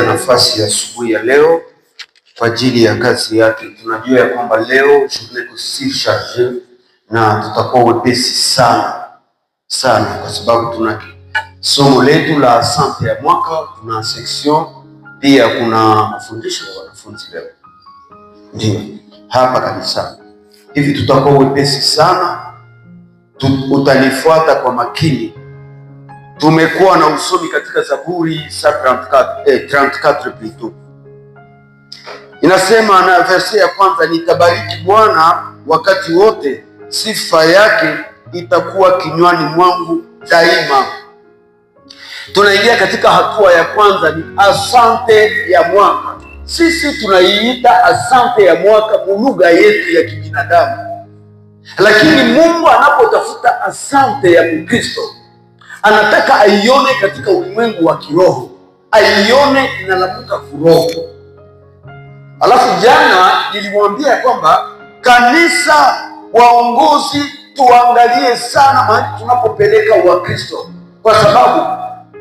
ametuachia nafasi ya asubuhi ya leo kwa ajili ya kazi yake. Tunajua ya kwamba leo si charge na tutakuwa wepesi sana sana, kwa sababu tuna somo letu la asante ya mwaka, tuna section pia, kuna mafundisho ya wanafunzi leo, ndio hapa kabisa hivi. Tutakuwa wepesi sana, utalifuata kwa makini Tumekuwa na usomi katika Zaburi sa 34 eh, inasema, na verse ya kwanza, nitabariki Bwana wakati wote, sifa yake itakuwa kinywani mwangu daima. Tunaingia katika hatua ya kwanza, ni asante ya mwaka. Sisi tunaiita asante ya mwaka mu lugha yetu ya kibinadamu, lakini Mungu anapotafuta asante ya Mkristo anataka aione katika ulimwengu wa kiroho, aione inalamuka kuroho. Alafu jana nilimwambia kwamba kanisa, waongozi, tuangalie sana mahali tunapopeleka Wakristo, kwa sababu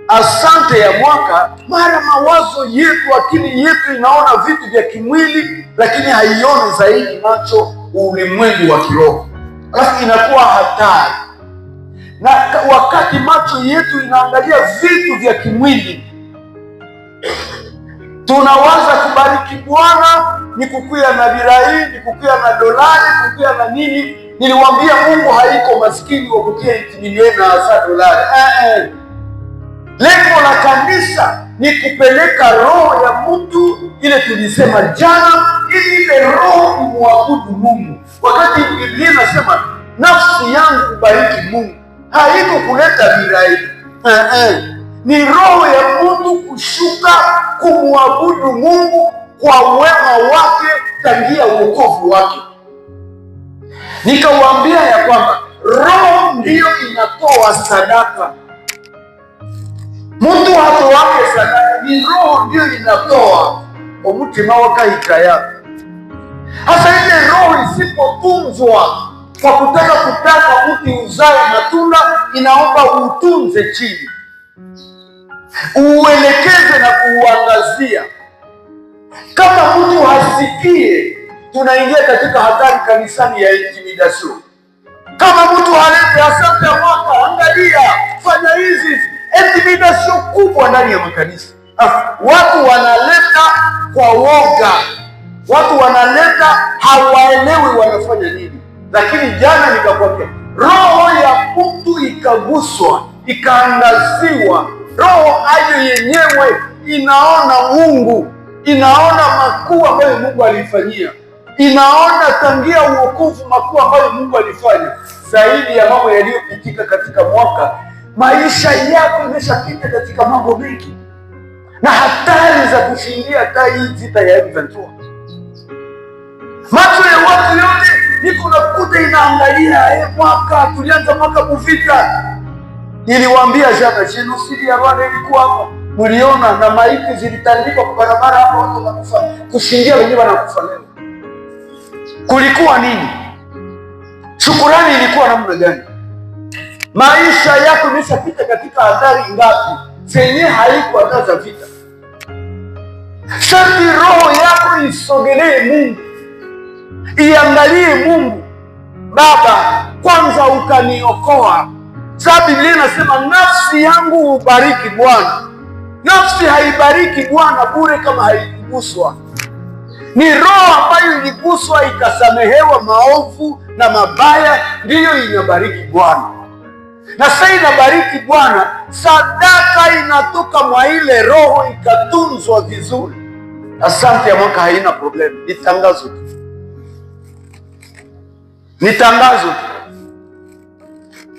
asante ya mwaka, mara mawazo yetu, akili yetu inaona vitu vya kimwili, lakini haioni zaidi macho ulimwengu wa kiroho, alafu inakuwa hatari na wakati macho yetu inaangalia vitu vya kimwili, tunawaza kubariki Bwana ni kukuya na birai, ni kukuya na dolari, kukuya na nini. Niliwambia Mungu haiko maskini wa kutia inti milioni na hasa dolari. Eh, eh, lengo la kanisa ni kupeleka roho ya mtu ile tulisema jana, ili ile roho imwabudu Mungu, wakati Biblia inasema nafsi yangu kubariki Mungu haiko kuleta virai eh, eh. Ni roho ya mtu kushuka kumwabudu Mungu kwa wema wake tangia uokovu wake. Nikawaambia ya kwamba roho ndiyo inatoa sadaka. Mtu wake sadaka, ni roho ndiyo inatoa omutima wakaikaya. Hasa ile roho isipotunzwa kwa kutaka kutaka mti uzae matunda, inaomba utunze chini, uuelekeze na kuuangazia. Kama mtu hasikie, tunaingia katika hatari kanisani ya intimidasio Kama mtu halete asante ya mwaka, angalia, fanya hizi intimidasion kubwa ndani ya makanisa. Watu wanaleta kwa woga, watu wanaleta, hawaelewi wanafanya nini. Lakini jana nikakwambia, roho ya mtu ikaguswa, ikaangaziwa, roho ayo yenyewe inaona Mungu, inaona makuu ambayo Mungu alifanyia, inaona tangia uokovu makuu ambayo Mungu alifanya, zaidi ya mambo yaliyopitika katika mwaka. Maisha yako imeshapita katika mambo mengi na hatari za kushindia, tai hizi tayari za macho ya watu niko nakuta inaangalia eh, mwaka tulianza mwaka kuvita. Niliwaambia jana jenosidi ya Rwanda ilikuwa hapo, mliona na maiti zilitandikwa kwa barabara hapo, watu wanakufa kushindia, wenyewe wanakufa leo. Kulikuwa nini? Shukurani ilikuwa namna gani? Maisha yako imeshapita katika hatari ngapi zenye haikuwa za vita? Sharti roho yako isogelee Mungu iangalie Mungu Baba, kwanza ukaniokoa. Sababu Biblia inasema nafsi yangu hubariki Bwana. Nafsi haibariki Bwana bure kama haikuguswa. Ni roho ambayo iliguswa ikasamehewa maovu na mabaya, ndiyo inabariki Bwana. Na sasa inabariki Bwana, sadaka inatoka mwa ile roho ikatunzwa vizuri. Asante ya mwaka haina problemu, itangazo tu ni tangazo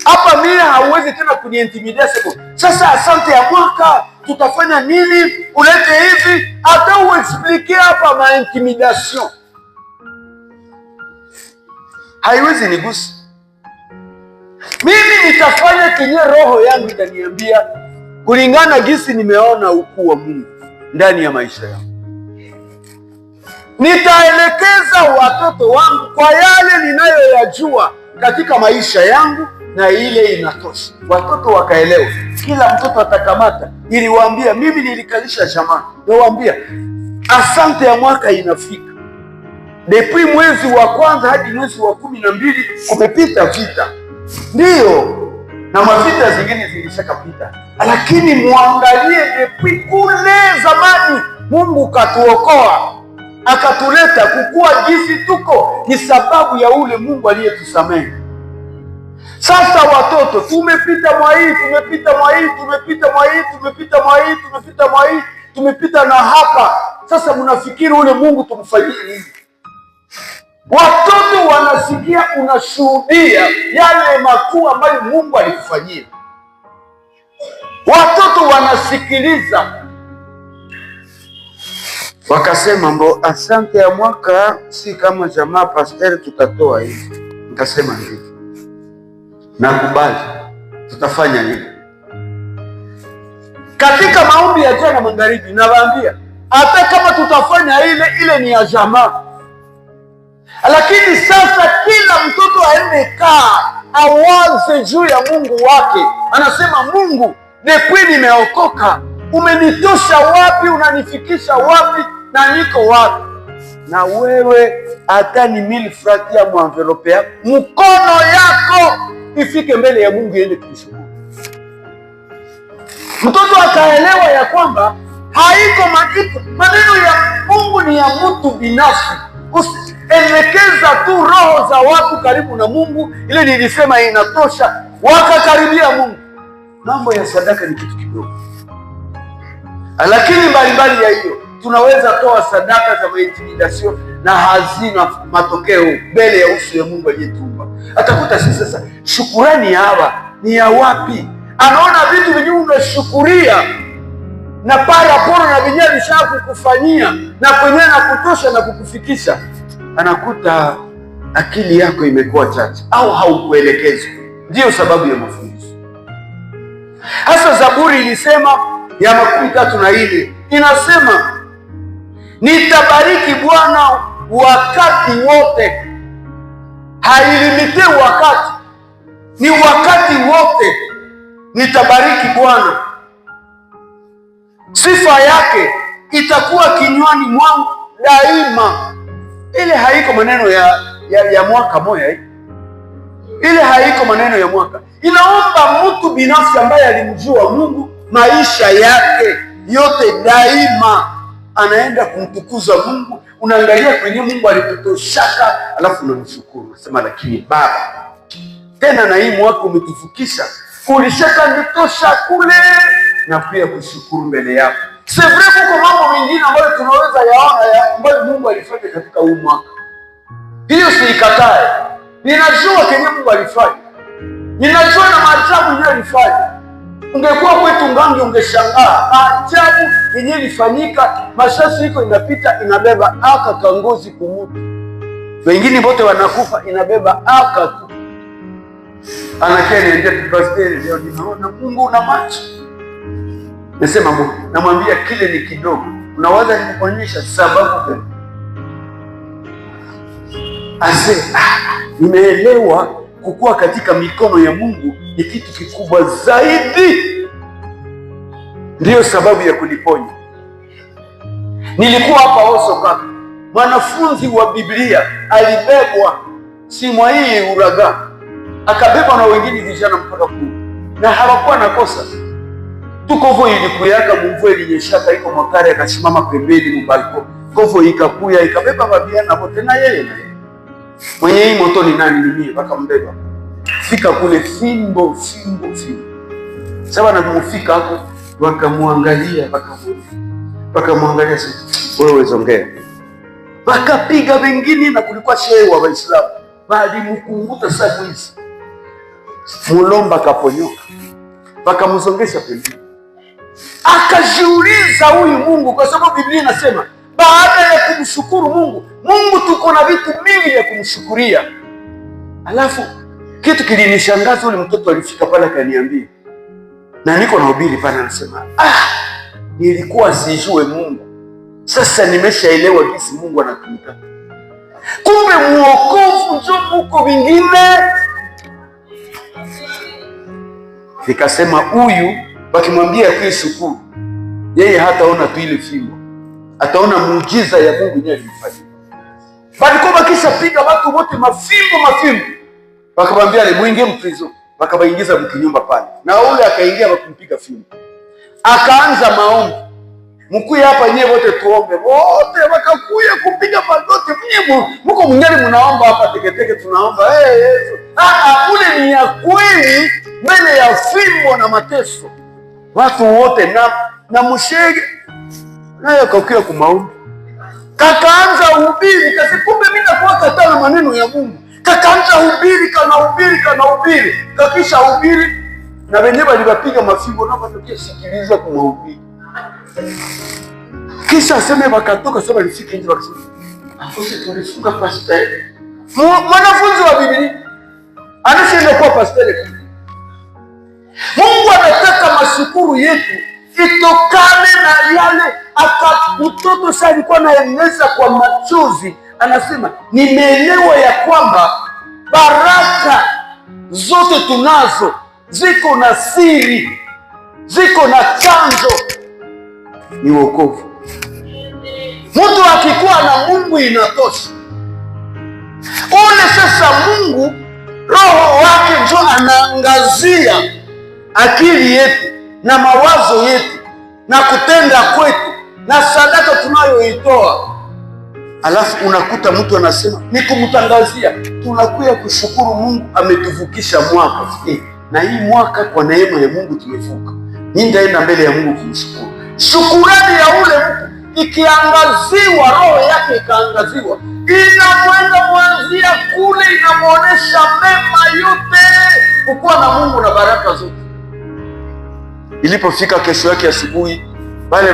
hapa. Mie hauwezi tena kuniintimidia sasa. Asante ya mwaka tutafanya nini, ulete hivi, hata uexplike hapa. Maintimidation haiwezi nigusi mimi. Nitafanya kinye roho yangu itaniambia kulingana gisi nimeona ukuu wa Mungu ndani ya maisha yangu nitaelekeza watoto wangu kwa yale ninayoyajua katika maisha yangu, na ile inatosha. Watoto wakaelewa, kila mtoto atakamata. Niliwaambia mimi, nilikalisha jamaa, nawaambia asante ya mwaka inafika depuis mwezi wa kwanza hadi mwezi wa kumi na mbili kumepita vita, ndiyo na mavita zingine zilishakapita, lakini mwangalie depuis kule zamani Mungu katuokoa akatuleta kukuwa jinsi tuko ni sababu ya ule Mungu aliyetusamehe. Sasa watoto, tumepita mwa hii, tumepita mwa hii, tumepita mwa hii, tumepita mwa hii, tumepita mwa hii, tumepita na hapa sasa. Mnafikiri ule Mungu tumfanyie nini? Watoto wanasikia, unashuhudia yale makuu ambayo Mungu alikufanyia. Watoto wanasikiliza Wakasema mbo asante ya mwaka si kama jamaa pasteri, tutatoa hivi. Nikasema hivi, nakubali, tutafanya hivi. Katika maombi ya jana magharibi, nawaambia hata kama tutafanya ile ile ni ya jamaa, lakini sasa kila mtoto aende kaa awaze juu ya Mungu wake, anasema Mungu, depuis nimeokoka umenitosha wapi, unanifikisha wapi na niko wapi? Na wewe hata ni frati ya mwanvelope yako, mkono yako ifike mbele ya Mungu iende kushukuru. Mtoto akaelewa ya kwamba haiko makitu, maneno ya Mungu ni ya mtu binafsi. Usielekeza tu roho za watu karibu na Mungu, ile nilisema inatosha, wakakaribia Mungu. Mambo ya sadaka ni kitu kidogo. Lakini mbalimbali ya hiyo tunaweza toa sadaka za maintimidasio na hazina matokeo mbele ya uso ya Mungu aliyetuumba. Atakuta sisi sasa, shukurani hawa ni ya wapi? Anaona vitu vyenyewe unashukuria na paraporo na vyenyewe vishaa kukufanyia na kwenyewe na kutosha na kukufikisha, anakuta akili yako imekuwa chache au haukuelekezwa. Ndiyo sababu ya mafunzo hasa. Zaburi ilisema ya makumi tatu na nne inasema nitabariki Bwana wakati wote. Hailimite wakati, ni wakati wote nitabariki Bwana. Sifa yake itakuwa kinywani mwangu daima. Ile haiko maneno ya, ya, ya mwaka moya hii eh? Ile haiko maneno ya mwaka, inaomba mtu binafsi ambaye alimjua Mungu maisha yake yote daima anaenda kumtukuza Mungu. Unaangalia kwenye Mungu alikutoshaka, alafu unamshukuru unasema, lakini Baba, tena na hii mwaka umetufukisha ulishaka nditosha kule na pia kushukuru mbele yako. kwa mambo mengine ambayo tunaweza yaona ambayo Mungu alifanya katika huu mwaka, hiyo siikatae. Ninajua kenye Mungu alifanya, ninajua na maajabu ndio alifanya Ungekuwa kwetu ngangi ungeshangaa, ajabu ah, yenye ilifanyika. Masasi iko inapita inabeba aka kangozi kumutu, wengine wote wanakufa, inabeba aka tu leo. Nimeona Mungu una macho, nasema Mungu, namwambia kile ni kidogo, unawaza nikuonyesha sababu gani? Ase ah, nimeelewa kukuwa katika mikono ya Mungu ni kitu kikubwa zaidi ndiyo sababu ya kuliponya. Nilikuwa hapa Osoka, mwanafunzi wa Biblia alibebwa simwa hii uraga, akabebwa na wengine vijana mpaka kuu, na hawakuwa na kosa. tukovo ilikuyaka mumvua ilinyeshaka iko mwakare, akasimama pembeni mubaliko kovo ikakuya ikabeba vijana wote na yeye na yeye mwenye hii moto ni nani? Nimie bakambeba fika kule fimbo fimbo fimbo saba na kumufika hapo wakamwangalia wakamwangalia, wewe zongea, wakapiga wengine, na kulikuwa shehe wa Waislamu walimkunguta sabu hizi Mulomba akaponyoka, wakamzongesha pembeni, akajiuliza huyu Mungu, kwa sababu Biblia inasema baada ya kumshukuru Mungu, Mungu tuko na vitu mingi ya kumshukuria. Alafu kitu kilinishangaza, ule mtoto alifika pale akaniambia na niko nahubiri pale, anasema ah, nilikuwa sijue Mungu, sasa nimeshaelewa jinsi Mungu anatumika. Kumbe mwokovu njo uko vingine. Nikasema huyu wakimwambia kuishukuru yeye hataona tu ile fimbo, ataona muujiza ya Mungu enyewe alimfanyia. Balikuwa bakisha piga watu wote mafimbo mafimbo, wakamwambia mwingie mprizo wakawaingiza mkinyumba pale, na ule akaingia wakumpiga fimbo, akaanza maombi mkuye hapa nyewe wote tuombe wote, wakakuya kupiga magoti mnye mko mnyali mnaomba hapa teketeke, tunaomba hey, Yesu. Ah, ah, ule ni ya kweli mbele ya fimbo na mateso watu wote na na mshege naye akakuya kumaombi, kakaanza uhubiri kasi, kumbe mimi nakuwa katana maneno ya Mungu kakaanza hubiri, kana kanahubiri, kakisha hubiri na wenyewe waliwapiga mafigo na wakasikiliza kumhubiri, kisha aseme, wakatoka sasa, walifika nje wakasema, akose tulifunga pastele Mwanafunzi wa Biblia anasema kwa pastele Mungu anataka mashukuru yetu itokane na yale aka mtoto sasa alikuwa anaeneza kwa machozi anasema nimeelewa ya kwamba baraka zote tunazo ziko na siri, ziko na chanzo, ni wokovu. Mtu akikuwa na Mungu inatosha. Ule sasa Mungu roho wake njo anaangazia akili yetu na mawazo yetu na kutenda kwetu na sadaka tunayoitoa alafu unakuta mtu anasema ni tunakuya kushukuru Mungu ametuvukisha mwaka eh, na hii mwaka kwa neema ya Mungu tumevuka. Mimi ndaenda mbele ya Mungu kumshukuru. Shukurani ya ule mtu ikiangaziwa, roho yake ikaangaziwa, inamwenda mwanzia kule, inamwonyesha mema yote, kukuwa na Mungu na baraka zote. Ilipofika kesho yake asubuhi, wale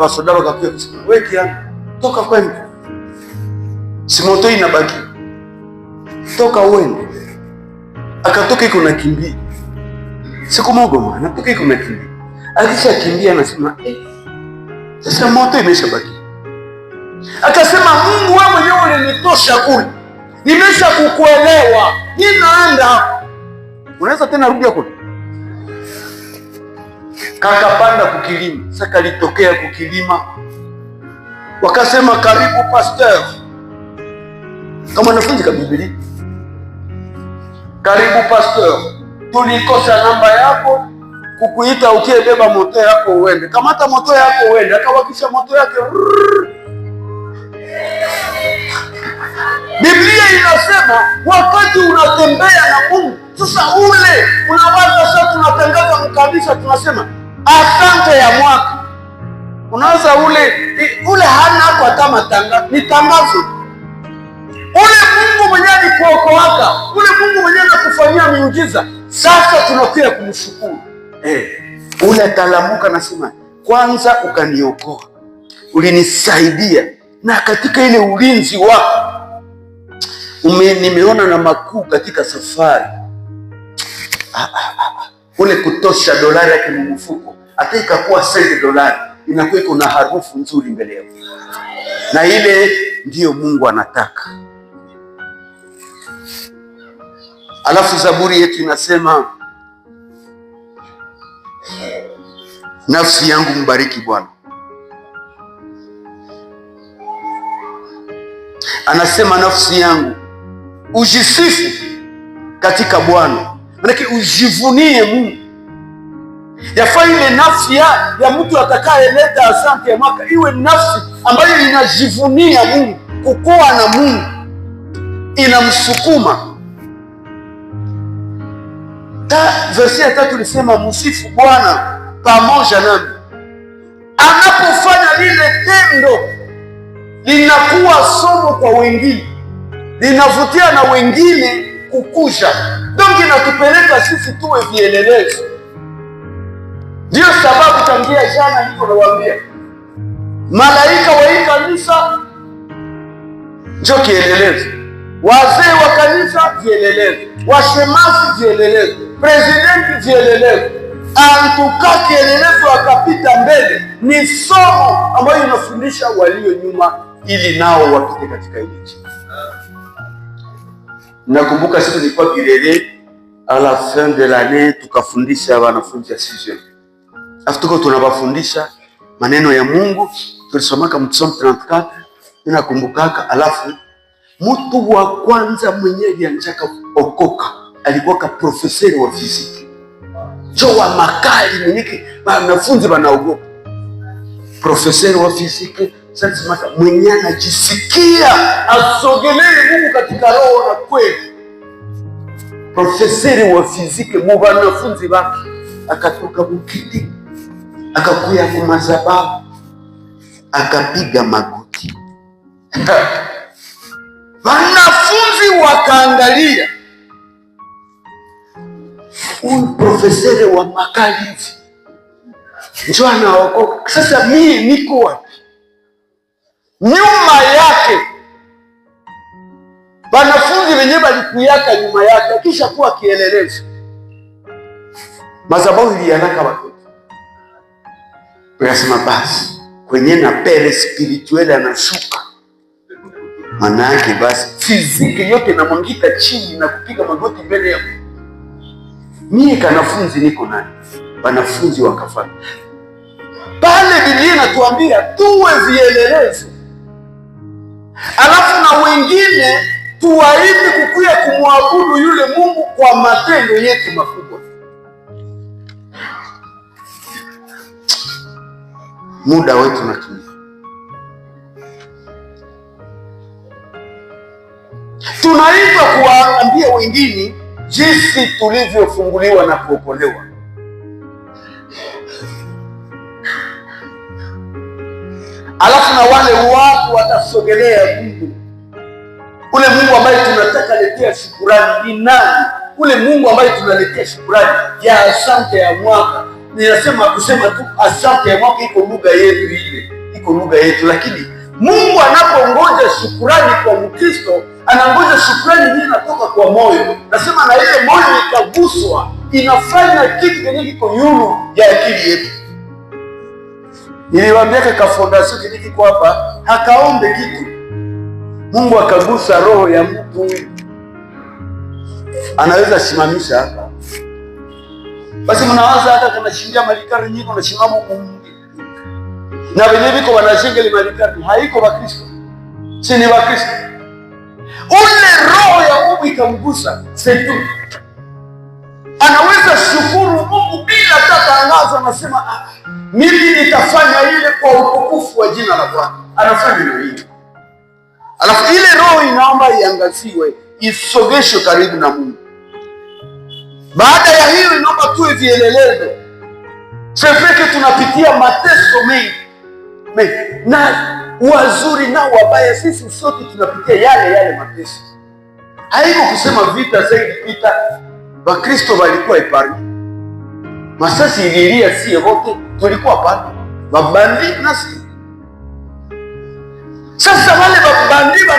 wasoda wakapiga, wewe kia toka kwetu Simoto inabaki toka uende, akatoka iko nakimbia siku moja, anatoka iko nakimbia. Akisha kimbia anasema eh, sasa moto imesha baki. Akasema Mungu wewe mwenyewe ulinitosha kule, nimesha kukuelewa, ninaenda. Unaweza tena rudia kule kakapanda kukilima, sasa kalitokea kukilima, wakasema karibu pastor kama wanafunzi ka Biblia. Karibu pasteur tulikosa namba yako kukuita ukiebeba moto yako uende. Kamata moto yako uende, akawakisha moto yake. Biblia inasema wakati unatembea na Mungu. Sasa ule unawaza, sasa tunatangaza mkabisa, tunasema asante ya mwaka. Unawaza ule ule hana hako hata matangazo, ni tangazo Ule Mungu mwenyewe alikuokoaka, ule Mungu mwenyewe anakufanyia miujiza. Sasa tunakuja kumshukuru eh. Ule talamuka nasema, kwanza ukaniokoa, ulinisaidia na katika ile ulinzi wako ume, nimeona na makuu katika safari ah, ah, ah. ah. Ule kutosha dolari yake mumufuko hata ikakuwa senti dolari inakuwa iko na harufu nzuri mbele yako, na ile ndiyo Mungu anataka. Alafu Zaburi yetu inasema nafsi yangu mbariki Bwana. Anasema nafsi yangu ujisifu katika Bwana, manake ujivunie Mungu. Yafaa ile nafsi ya, ya mtu atakayeleta asante ya mwaka iwe nafsi ambayo inajivunia Mungu, kukuwa na Mungu inamsukuma ta, verse ya tatu lisema msifu Bwana pamoja nami. Anapofanya lile tendo linakuwa somo kwa wengine, linavutia na wengine kukuja, donc inatupeleka sisi tuwe vielelezo. Ndiyo sababu tangia jana niko nawaambia malaika waika kanisa njo kielelezo wazee wa kanisa jielelezo, washemasi jielelezo, presidenti jielelezo, antuka kielelezo akapita mbele. Ni somo ambayo inafundisha walio nyuma, ili nao wapite katika ile Nakumbuka sisi nilikuwa kilele a la fin de l'annee, tukafundisha wanafunzi ya sije afu tuko tunawafundisha maneno ya Mungu, tulisomaka Msomo 34 inakumbukaka alafu Mtu wa kwanza mwenye alianzaka okoka ka profeseri wa fiziki wa Makali, mwenyeki wanafunzi wanaogopa profesori wa fiziki sasa. Mwenye anajisikia asogelee Mungu katika roho na kweli, profeseri wa fiziki mu wanafunzi wake akatoka bukiti akakuya kumazababu akapiga magoti profesere wa makali hivi njwana wako. Sasa mimi niko wapi? Nyuma yake wanafunzi wenyewe walikuaka nyuma yake, kisha kuwa kielelezo mazabau ilianaka watoto. Kasema basi kwenye na pele spirituel anashuka maana basi fiziki yote inamwangika chini na kupiga magoti mbele ya Mungu. Mie kanafunzi niko nani, wanafunzi wakafanya pale. Biblia inatuambia tuwe vielelezo, alafu na wengine tuwaidi kukuya kumwabudu yule Mungu kwa matendo yetu makubwa. Muda wetu natumia tunaitwa kuwaambia wengine jinsi tulivyofunguliwa na kuokolewa. Alafu na wale watu watasogelea Mungu, ule Mungu ambaye tunataka letea shukurani. Ni nani ule Mungu ambaye tunaletea shukurani ya asante ya mwaka? Ninasema kusema tu asante ya mwaka, iko lugha yetu ile, iko lugha yetu, lakini Mungu anapongoja shukurani kwa mkristo anangoja shukurani hii inatoka kwa moyo. Nasema na ile moyo ikaguswa, inafanya kitu kenye kiko yulu ya akili yetu. kaka kafondasio kenye kiko hapa, hakaombe kitu, Mungu akagusa roho ya mtu huyu, anaweza simamisha hapa. Basi mnawaza hata kunashindia malikari nyingi, unasimama na wenye viko wanajenga ile maridadi haiko Kristo, si ni Kristo. Ule roho ya Mungu ikamgusa Setu, anaweza shukuru Mungu bila hata tangazo, anasema ah, mimi nitafanya ile kwa utukufu wa jina la Bwana. Anafanya na hivyo, alafu ile roho inaomba iangaziwe, isogeshwe karibu na Mungu. Baada ya hiyo inaomba tuwe vielelezo. Sefeke tunapitia mateso mengi mengi, na wazuri na wabaya, sisi sote tunapitia yale yale mateso. Haiko kusema vita zaidi vita, Bakristo walikuwa ipari masasi ililia, si yote tulikuwa pale, mabandi nasi sasa wale babandi na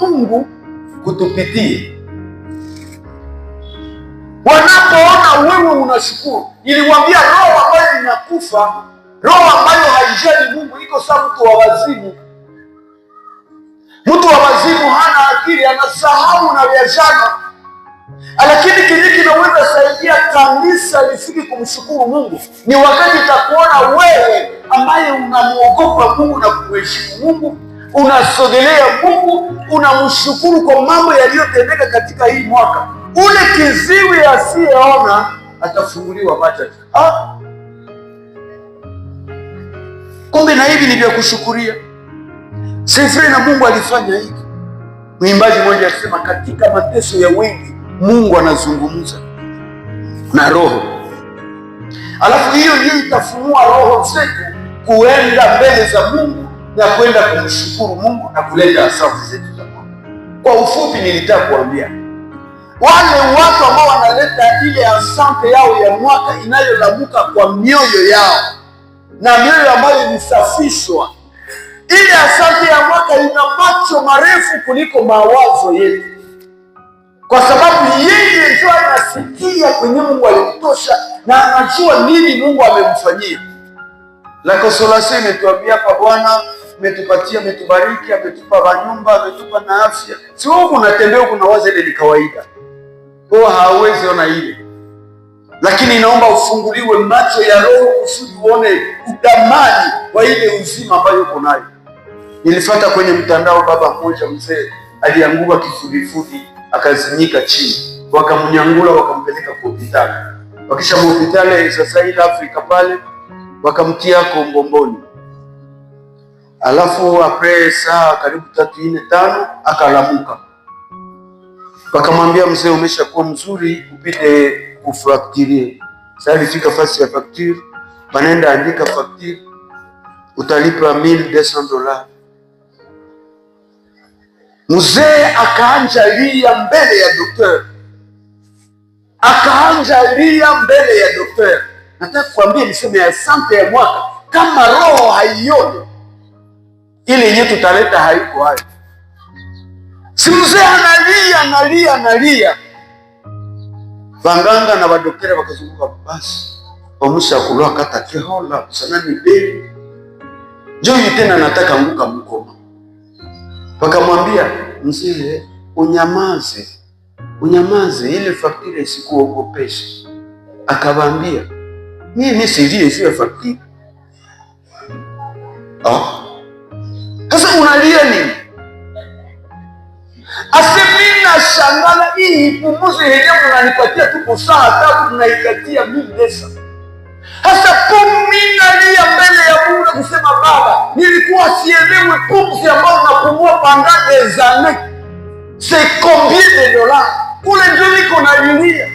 Mungu kutupitia, wanapoona wewe unashukuru. iliwambia roho ambayo inakufa roho ambayo haijali Mungu iko saa mtu wa wazimu. Mtu wa wazimu hana akili, anasahau na viajana, lakini kile kinaweza saidia kanisa lisiki kumshukuru Mungu ni wakati takuona wewe ambaye unamwogopa Mungu na kumheshimu Mungu, unasogelea Mungu, unamshukuru kwa mambo yaliyotendeka katika hii mwaka. Ule kiziwi asiyeona atafunguliwa macho. Ah, Kumbe na hivi ni vya kushukuria. Sefre na Mungu alifanya hivi Mwimbaji mmoja alisema, katika mateso ya wengi Mungu anazungumza na roho, alafu hiyo ndio itafunua roho zetu kuenda mbele za Mungu na kwenda kumshukuru Mungu na kuleta asafu zetu za Mungu. Kwa ufupi, nilitaka kuambia wale watu ambao wanaleta ile asante yao ya mwaka inayolamuka kwa mioyo yao na mioyo ambayo imesafishwa. Ile asante ya mwaka ina macho marefu kuliko mawazo yetu, kwa sababu yeye ndio anasikia kwenye Mungu alimtosha na anajua nini Mungu amemfanyia. La Consolation imetuambia hapa, Bwana ametupatia, ametubariki, ametupa vanyumba, ametupa na afya. Si wewe unatembea huku unawaza ile ni kawaida, hawezi ona ile lakini inaomba ufunguliwe macho ya roho kusudi uone udamani wa ile uzima ambayo uko nayo. Nilifuata kwenye mtandao, baba mmoja mzee alianguka kifudifudi akazinyika chini, wakamnyangula wakampeleka kwa hospitali. Wakisha hospitali sasa ile Afrika pale, wakamtia kombomboni, alafu apre saa karibu tatu ine tano akalamuka, wakamwambia mzee, umeshakuwa mzuri upite kufacturer. Sasa alifika fasi ya facture, banaenda andika facture, utalipa 1200 dola. Mzee akaanja lia mbele ya doktor, akaanja lia mbele ya dokter Nataka kuambia niseme ya sante ya mwaka, kama roho haioni ili yenye tutaleta haiko hayo. Si mzee analia analia analia vanganga na badoktere bakazunguka basi omusi kata takehola sana beli joyi tena nataka nguka mkoma. Wakamwambia mzee, unyamaze unyamaze, ile faktire isikuogopeshe. Akawaambia mimi silie zile faktire. Ah. Sasa unalia nini? asemina shangala hii ipumuzi yenyewe munanipatia tuko saa tabu tunaikatia mimesa hasa puminalia mbele ya Mungu na kusema Baba, nilikuwa sielewe pumzi ambayo napumua pendant des années combien de dollars kule ndio niko nalilia.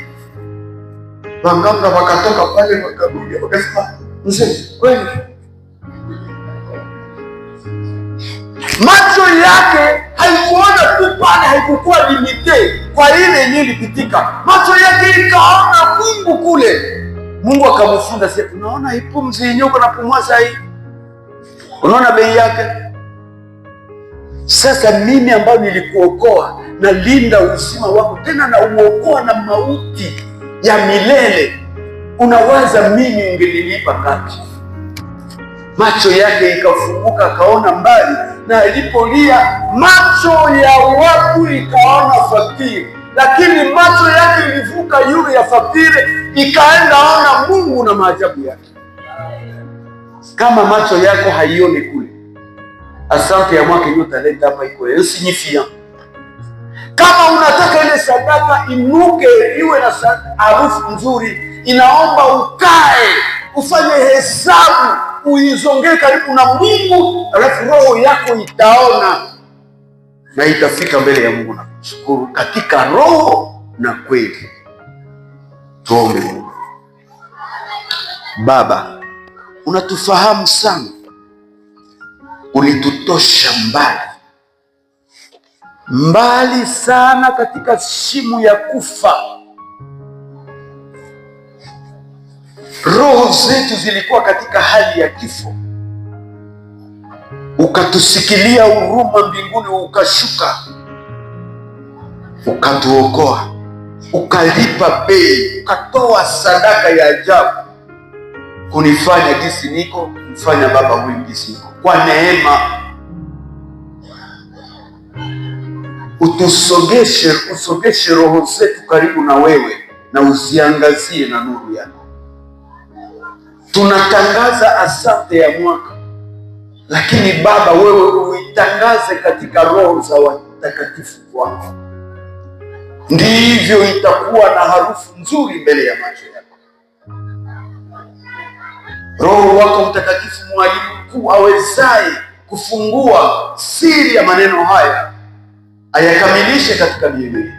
Waganga wakatoka pale makaburi wakasema, mzee kweli macho yake haikukuwa limite kwa ile ilipitika macho yake ikaona Mungu kule. Mungu akamufunda sasa, unaona hii pumzi yenye uko napumua saa hii, unaona bei yake. Sasa mimi ambayo nilikuokoa, nalinda uzima wako tena na uokoa na mauti ya milele, unawaza mimi ungenilipa ngapi? Macho yake ikafunguka akaona mbali na ilipolia macho ya watu ikaona fakiri, lakini macho yake ilivuka yule ya fakiri, ikaenda ona Mungu na maajabu yake. Kama macho yako haioni kule, asante ya mwaka iliyotaleta hapa iko insignifia. Kama unataka ile sadaka inuke iwe na harufu nzuri, inaomba ukae ufanye hesabu uizongee karibu na Mungu, alafu roho yako itaona na itafika mbele ya Mungu na kushukuru katika roho na kweli. Tuombe. Baba, unatufahamu sana, ulitutosha mbali mbali sana katika shimo ya kufa roho zetu zilikuwa katika hali ya kifo, ukatusikilia huruma mbinguni, ukashuka, ukatuokoa, ukalipa bei, ukatoa sadaka ya ajabu kunifanya jinsi niko, mfanya baba huyu jinsi niko, kwa neema utusogeshe, usogeshe roho zetu karibu na wewe na uziangazie na nuru yako tunatangaza asante ya mwaka, lakini Baba wewe uitangaze katika roho za watakatifu wako, ndivyo itakuwa na harufu nzuri mbele ya macho yako. Roho wako Mtakatifu, mwalimu mkuu awezaye kufungua siri ya maneno haya, ayakamilishe katika mioyo yetu.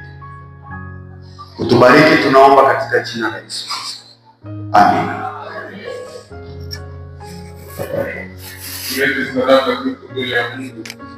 Utubariki, tunaomba katika jina la Yesu Kristo, amina. vezes na data do Leão